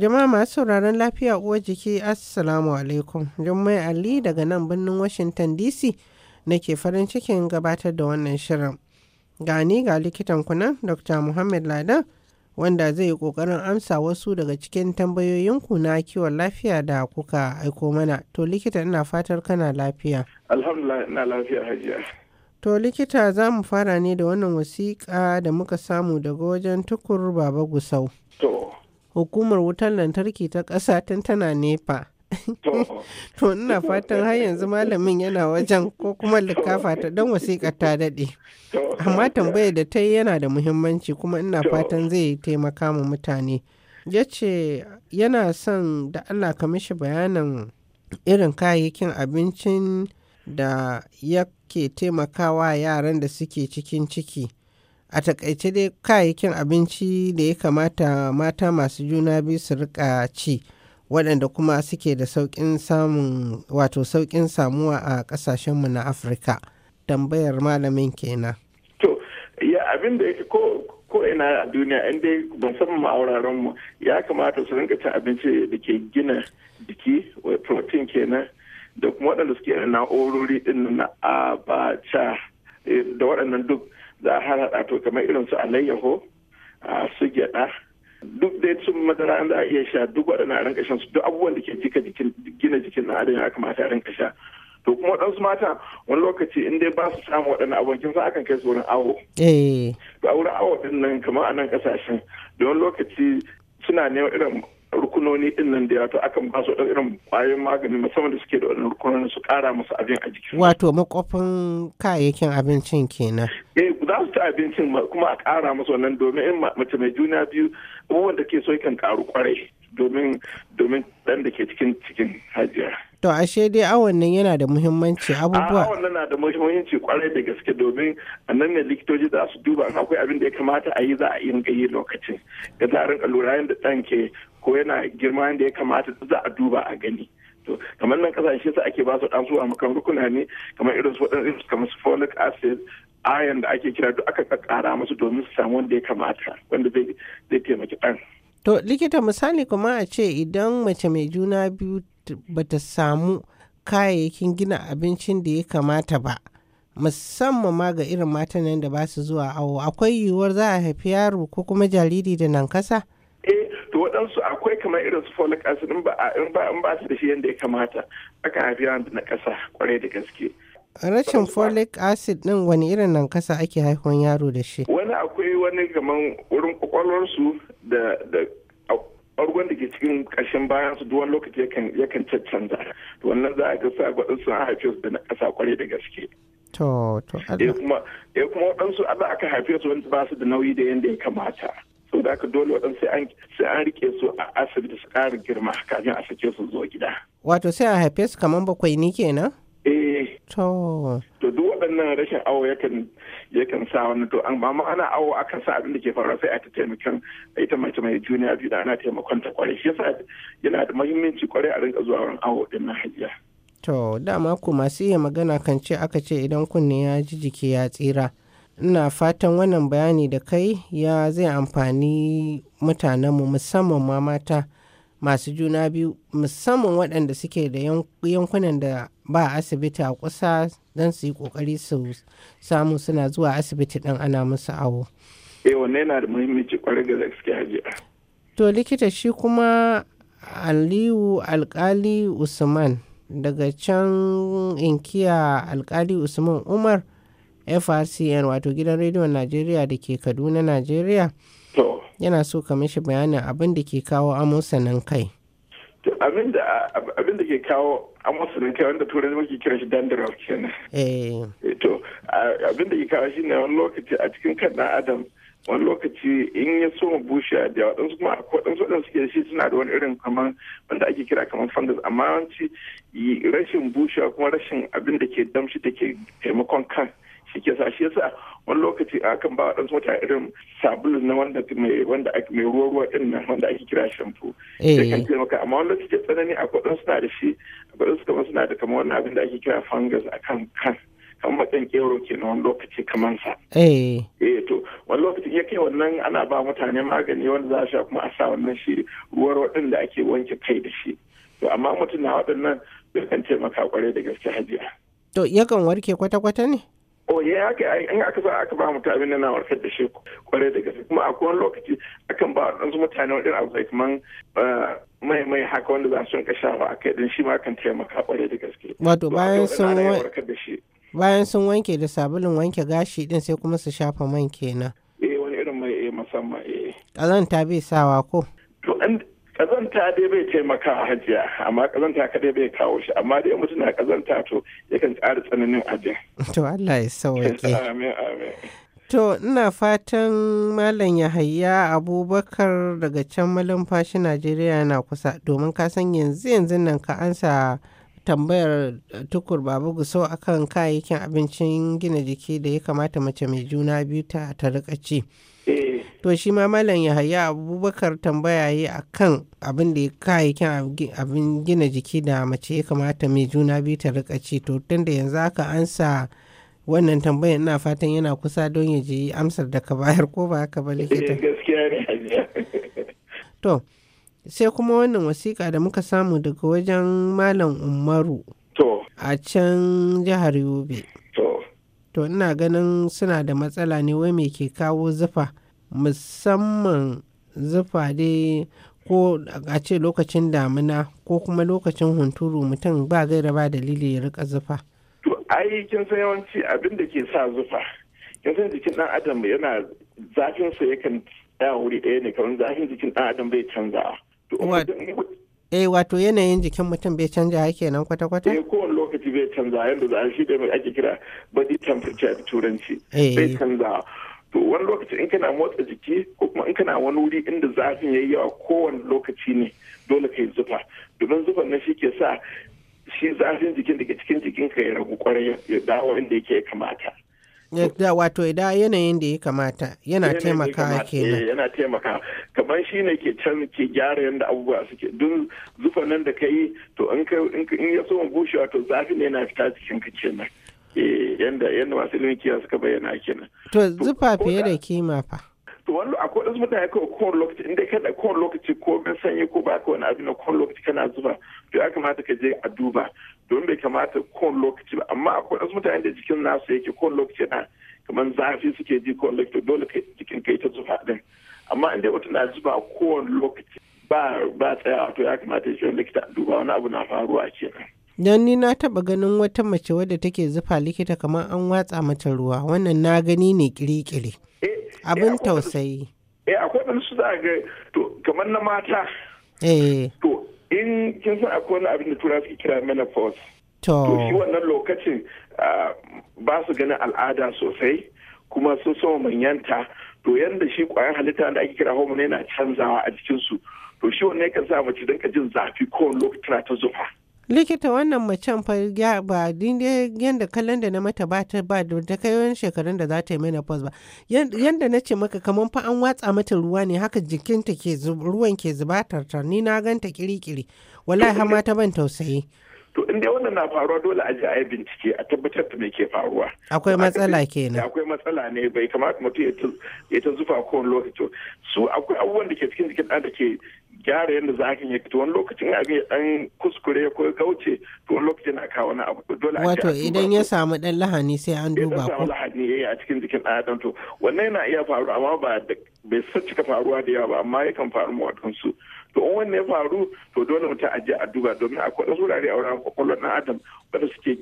Jama'a masu sauraron lafiya uwar jiki Assalamu alaikum. Jummai Ali daga nan birnin Washington DC nake farin cikin gabatar da wannan shirin. Gani ga likitan kuna Dr. Muhammad Ladan wanda zai yi ƙoƙarin amsa wasu daga cikin tambayoyin ku na kiwon lafiya da kuka aiko mana. To likita ina fatar kana lafiya. Alhamdulillah ina lafiya hajiya. To likita za mu fara ne da wannan wasiƙa da muka samu daga wajen tukur Baba Gusau. hukumar wutar lantarki ta ƙasa tun tana nepa to ina fatan har yanzu malamin yana wajen ko kuma likafa ta dan wasiƙa ta daɗe amma tambayar da ta yi yana da muhimmanci kuma ina fatan zai taimaka wa mutane ya ce yana son da allah ka mishi bayanin irin kayayyakin abincin da yake taimakawa yaran da suke cikin ciki a takaice dai kayayyakin abinci da ya kamata mata masu juna biyu su rika ci waɗanda kuma suke da sauƙin samun wato sauƙin samuwa a ƙasashenmu na afirka tambayar malamin kenan to ya abin da ko ina a duniya in dai ma ma'auraren mu ya kamata su rinka cin abinci da ke gina jiki protein kenan da kuma waɗanda suke na'urori ɗin na abaca eh, da waɗannan duk za a haɗa to kamar irin su alayyaho a su gyaɗa duk dai sun madara an za a iya sha duk waɗannan a rinka shan su duk abubuwan da ke jika jikin gina jikin na adana ya kamata a rinka sha to kuma waɗansu mata wani lokaci in dai ba su samu waɗannan abubuwan kin san akan kai su wurin awo eh. to a wurin awo ɗin nan kamar a nan ƙasashen da wani lokaci suna neman irin rukunoni din nan da yato akan ba su irin kwayoyin magani musamman da suke da wannan rukunoni su kara musu abin a jiki. Wato makofin kayayyakin abincin kenan. Eh za su ci abincin kuma a kara musu wannan domin in mace mai juna biyu abubuwan da ke so yakan karu kwarai. domin domin dan da ke cikin cikin hajiya to ashe dai awon yana da muhimmanci abubuwa awon nan na da muhimmanci kwarai da gaske domin a nan ne likitoji za su duba in akwai abin da ya kamata a yi za a yi ga yi lokacin da za a yadda dan ke ko yana girma yadda ya kamata za a duba a gani to kamar nan kasashe sa ake ba su dan su a makan rukuna ne kamar irin su waɗansu kamar su folic acid ayan da ake kira duk aka kakkara masu domin su samu wanda ya kamata wanda zai taimaki ɗan. To likita misali kuma a ce idan mace mai juna biyu bata samu kayayyakin gina abincin da ya kamata ba musamman ma ga irin matan nan da ba su zuwa awo akwai yiwuwar za a haifi yaro ko kuma jariri da nan kasa? Eh to waɗansu akwai kamar irin su folic acid in ba in ba su da shi yadda ya kamata aka haifi yaron da na kasa kwarai da gaske. rashin folic acid din wani irin nan kasa ake haifon yaro da shi wani akwai wani gaman wurin kwakwalwarsu da argon da ke cikin ƙarshen bayan su duwan lokaci yakan canza wannan za a ga sa gwadin sun haife su da na ƙasa kwarai da gaske to to eh kuma eh kuma waɗansu Allah aka haife su wanda ba su da nauyi da yanda ya kamata da ka dole waɗansu sai an sai an rike su a asibiti su ƙara girma kafin a sake su zuwa gida wato sai a haife su kaman bakwai ni kenan To duk waɗannan rashin awo yakan yakan sa wani to ma ana awo akan sa abin da ke faruwa sai a ta taimakon ita mace mai juniya biyu da ana taimakon ta kwarai shi yasa yana da muhimmanci kwarai a rinka zuwa wurin awo din na hajiya. To dama ku masu iya magana kan ce aka ce idan kunne ya ji jiki ya tsira. Ina fatan wannan bayani da kai ya zai amfani mutanenmu musamman ma mata masu juna biyu musamman waɗanda suke da yankunan da ba asibiti a kusa don su yi kokari su samu suna zuwa asibiti ɗin ana musu awo. eh wanne yana da muhimmanci kwarai da gaske hajiya. to likita shi kuma aliyu alkali usman daga can inkiya alkali usman umar frcn wato gidan rediyon najeriya da ke kaduna najeriya yana so ka mishi bayanin abin da ke kawo amosanin kai. abin da ke kawo amosulin kai wanda turai muke kira shi dandruff kenan eh. Eh, to abin da ke kawo shi ne wani lokaci a cikin kan dan adam wani lokaci in ya so bushe da wadansu kuma waɗansu wadansu suke shi suna da wani irin kamar wanda ake kira kamar fungus amma wanci rashin bushewa kuma rashin abin da ke damshi da ke taimakon kan shi ke sa shi yasa wani lokaci a kan ba waɗansu mutane irin sabulu na wanda mai wanda ake mai ruwa ruwa irin nan wanda ake kira shampo da eh. kan taimaka amma wani lokaci tsanani a kwaɗin suna da shi a kwaɗin su kamar suna da kamar wani abin da ake kira fungus a kan kan kan matsan kero ke na wani lokaci kamar sa. Eh, eh to wani lokaci ya kai wannan ana ba mutane magani wanda za a sha kuma a sa wannan shi ruwa ruwa din da ake wanke kai da shi. To amma mutum na waɗannan dukkan taimaka kwarai da gaske hajiya. To yakan warke kwata-kwata ne? oye oh, ya haka in aka sa aka ba ta abin na warkar da shi kwarai da gaske kuma a kowane lokaci akan ba wadansu mutane waɗin abu zai kuma uh, mai mai haka wanda za su rinka shawa a kai din shi ma kan taimaka kwarai da gaske. wato bayan sun bayan sun wanke da sabulun wanke gashi din sai kuma su shafa man kenan. eh wani irin mai eh musamman eh. ƙazanta bai sawa ko. to kazanta dai bai taimaka a hajiya amma kazanta kadai bai kawo shi amma dai mutum na kazanta to yakan ƙara tsananin ajin to Allah ya sauke amin amin to ina fatan malam yahaya abubakar daga can malumfashi najeriya na kusa domin ka san yanzu yanzu nan ka ansa tambayar tukur babu guso akan kayayyakin abincin gina jiki da ya kamata mace mai juna biyu ta ta eh, to shi ma malam yahaya abubakar tambaya yi a kan abin da ya kayayyakin abin gina jiki da mace ya kamata mai juna biyu ta rika ci to tunda da yanzu aka ansa wannan tambayar ina fatan yana kusa don ya ji amsar da ka bayar ko ba ka ba likita eh, to sai kuma wannan wasiƙa da muka samu daga wajen malam umaru a can jihar yobe to ina ganin suna da matsala ne wai me ke kawo zufa musamman zufa dai ko a ce lokacin damina ko kuma lokacin hunturu mutum ba gaira ba dalili ya rika zufa. To ai kin san yawanci abin da ke sa zufa kin san jikin dan adam yana zafin sa yakan tsaya wuri ɗaya ne kamar zafin jikin dan adam bai canza. Eh wato yanayin jikin mutum bai canza yake nan kwata-kwata? Eh kowane lokaci bai canza yadda za a shi da ake kira body temperature turanci eh. bai canza. to wani lokaci in kana motsa jiki ko kuma in kana wani wuri inda zafin yayi yawa kowane lokaci ne dole ka yi zufa domin zufan nan shi ke sa shi zafin jikin daga cikin cikin jikinka ya ragu kwarai ya dawo inda yake ya kamata da wato idan yanayin da ya kamata yana taimakawa kenan eh, yana taimaka kamar shi ne ke can ke gyara yadda abubuwa suke dun zufa nan da ka yi to in ya so bushewa to zafi ne yana fita cikin ka kenan Eh, yanda yanda masu ilimin kiyar suka bayyana kenan. To zufa fiye da kima fa. To wani akwai wasu mutane kawai kowane lokaci inda ka da kowane lokaci ko bin sanyi ko ba ka wani abin na kowane lokaci kana zuba to ya kamata ka je a duba don bai kamata kowane lokaci ba amma akwai wasu mutane da jikin nasu yake kowane lokaci na kamar zafi suke ji kowane lokaci dole kai jikin kai ta zufa din amma inda wata na zuba kowane lokaci ba ba tsayawa to ya kamata ya je likita a duba wani abu na faruwa kenan. don ni na taba ganin wata mace wadda take zufa likita kamar an watsa mata ruwa wannan na gani ne kirikiri eh, eh, abin tausayi eh akwai ɗan su ga to kamar na mata eh to in kin san akwai wani abin da tura suke kira menopause to shi wannan lokacin ah, ba su ganin al'ada sosai kuma sun sama manyanta to yadda shi kwayar halitta da ake kira hormone yana canzawa a jikinsu to shi wannan yakan sa mace dinka jin zafi kowane lokacin ta zufa likita wannan macen fa ba dinde yadda kalanda na mata ba ta ba da kai wani shekarun da za ta yi menopause ba yadda na ce maka kamar fa an watsa mata ruwa ne haka jikinta ke ruwan ke zubatar ta ni na ganta kirikiri wallahi har ma ta ban tausayi to inda wannan na faruwa dole a je a yi bincike a tabbatar da me ke faruwa akwai matsala kenan akwai matsala ne bai kamata mutum ya ta zufa ko lokaci su akwai abubuwan da ke cikin jikin ɗan da ke gyara yadda za a yi wani lokacin a ga dan kuskure ko kauce to wani lokacin a kawo wani abu dole a wato idan ya samu dan lahani sai an duba ko idan lahani yayi eh, a cikin jikin dan adam to wannan yana iya faru amma ba bai san cika faruwa da yawa ba amma yakan faru mu ma su to in wannan ya faru to dole mutum a je a duba domin akwai wasu wurare a wurin kwakwalwar dan adam wanda suke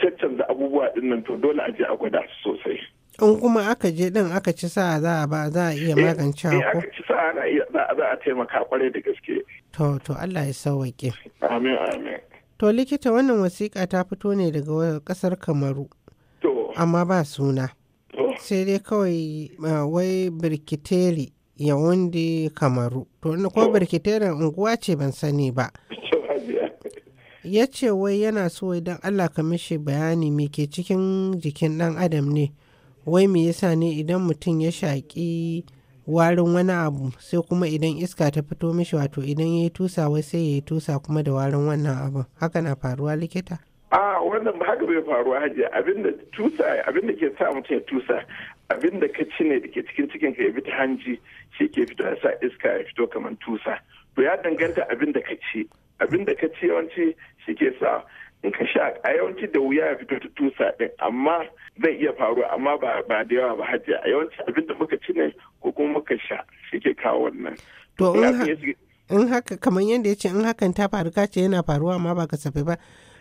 caccanza abubuwa dinnan to dole a je a gwada su sosai in kuma aka je din aka ci sa za a ba za a iya eh, magance eh, ko aka ci sa, ana iya za a taimaka kwarai da gaske to to Allah ya sauwaƙe amin amin to likita wannan wasiƙa ta fito ne daga ƙasar Kamaru to amma ba suna sai dai kawai wai birkiteri ya wunde Kamaru to ko birkiterin unguwa ce ban sani ba ya ce wai yana so idan Allah ka mishi bayani me ke cikin jikin ɗan adam ne wai me yasa ne idan mutum ya shaƙi warin wani abu sai kuma idan iska ta fito mishi wato idan ya yi tusa wai sai ya yi tusa kuma da warin wannan abu haka na faruwa likita a wannan ba haka bai faruwa hajiya abinda tusa abinda ke sa mutum ya tusa abinda ka ci ne da ke cikin cikin ka ya hanji shi ke fito ya sa iska ya fito kamar tusa to ya danganta abinda ka ci abinda ka ci yawanci shi ke sa in ka sha a yawanci da wuya ya fito ta tusa din amma zai iya faruwa amma ba ba da yawa ba hajji a yawanci abin da muka ci ne ko kuma muka sha shi ke kawo wannan. To in haka kamar yadda ya ce in hakan ta faru ka ce yana faruwa amma ba kasafai ba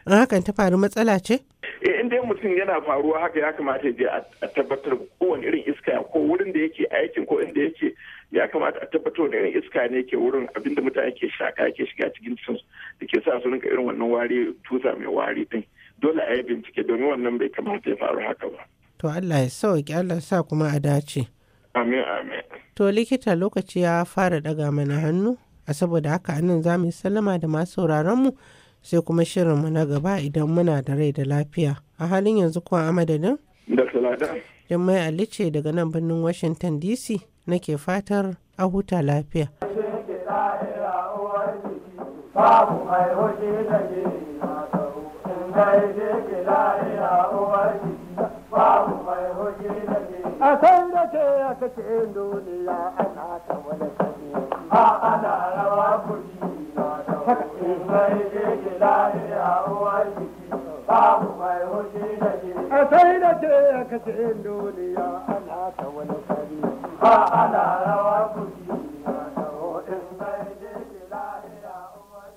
in hakan ta faru matsala ce? Eh in dai mutum yana faruwa haka ya kamata ya je a tabbatar kowane irin iska ko wurin da yake aikin ko inda yake ya kamata a tabbatar wani irin iska ne ke wurin abinda mutane ke shaka ke shiga cikin ke sa su rinka irin wannan wari tusa mai wari din dole a yi bincike domin wannan bai kamata ya faru haka ba. To Allah ya sauki Allah sa kuma a dace. Amin amin. To likita lokaci ya fara daga mana hannu a saboda haka anan za mu yi sallama da masu mu sai kuma shirin mu na gaba idan muna da rai da lafiya. A halin yanzu kuwa a madadin? Da salada. Jummai Ali daga nan birnin Washington DC nake fatar a huta lafiya. babu mai hoshi da ke masaru in dai je ki lahiya uwar babu mai hoshi da ke a san da ke a cikin duniya ana ta wani kare a ana rawa kuɗi na in dai je ki lahiya uwar babu mai hoshi da ke a sai da ke a cikin duniya ana ta wani kare a ana rawa kuɗi